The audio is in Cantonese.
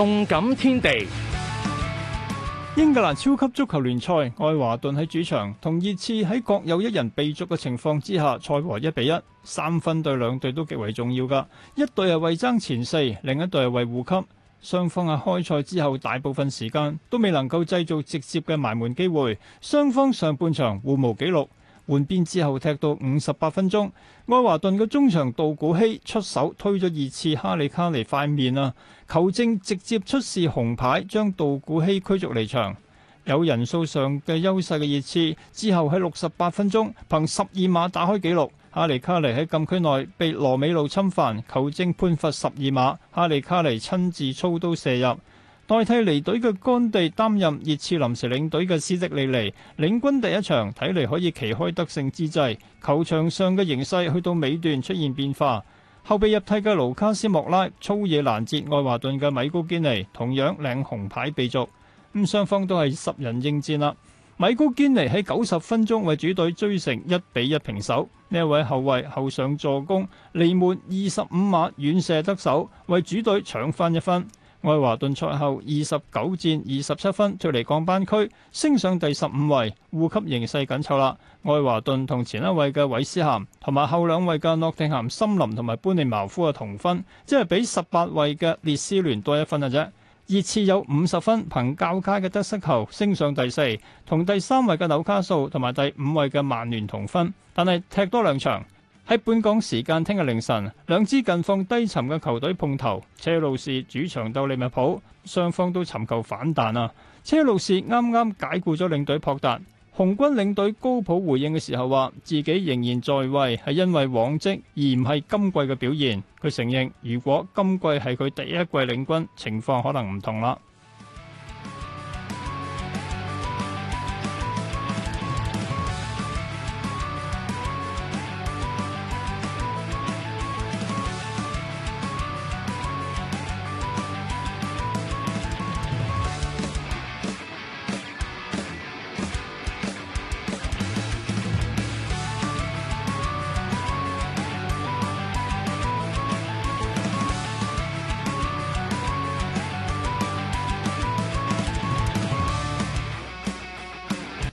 動感天地，英格蘭超級足球聯賽，愛華頓喺主場同熱刺喺各有一人被逐嘅情況之下，賽和一比一，三分對兩隊都極為重要噶，一隊係為爭前四，另一隊係為護級。雙方喺開賽之後大部分時間都未能夠製造直接嘅埋門機會，雙方上半場互無紀錄。換邊之後踢到五十八分鐘，愛華頓嘅中場杜古希出手推咗熱刺哈利卡尼塊面啊，球證直接出示紅牌，將杜古希驅逐離場。有人數上嘅優勢嘅熱刺之後喺六十八分鐘憑十二碼打開紀錄，哈利卡尼喺禁區內被羅美路侵犯，球證判罰十二碼，哈利卡尼親自操刀射入。代替離隊嘅干地擔任熱刺臨時領隊嘅斯迪利尼，領軍第一場睇嚟可以旗開得勝之際，球場上嘅形勢去到尾段出現變化。後備入替嘅盧卡斯莫拉粗野攔截愛華頓嘅米高堅尼，同樣領紅牌被逐。咁雙方都係十人應戰啦。米高堅尼喺九十分鐘為主隊追成一比一平手，呢一位後衞後上助攻，離門二十五碼遠射得手，為主隊搶返一分。愛華頓賽後二十九戰二十七分，脫離降班區，升上第十五位，護級形勢緊湊啦。愛華頓同前一位嘅韋斯咸，同埋後兩位嘅諾定咸森林同埋班尼茅夫嘅同分，即係比十八位嘅列斯聯多一分嘅啫。熱刺有五十分，憑較佳嘅得失球升上第四，同第三位嘅紐卡素同埋第五位嘅曼聯同分，但係踢多兩場。喺本港時間聽日凌晨，兩支近況低沉嘅球隊碰頭，車路士主場鬥利物浦，雙方都尋求反彈啊！車路士啱啱解僱咗領隊博達，紅軍領隊高普回應嘅時候話，自己仍然在位係因為往績而唔係今季嘅表現。佢承認，如果今季係佢第一季領軍，情況可能唔同啦。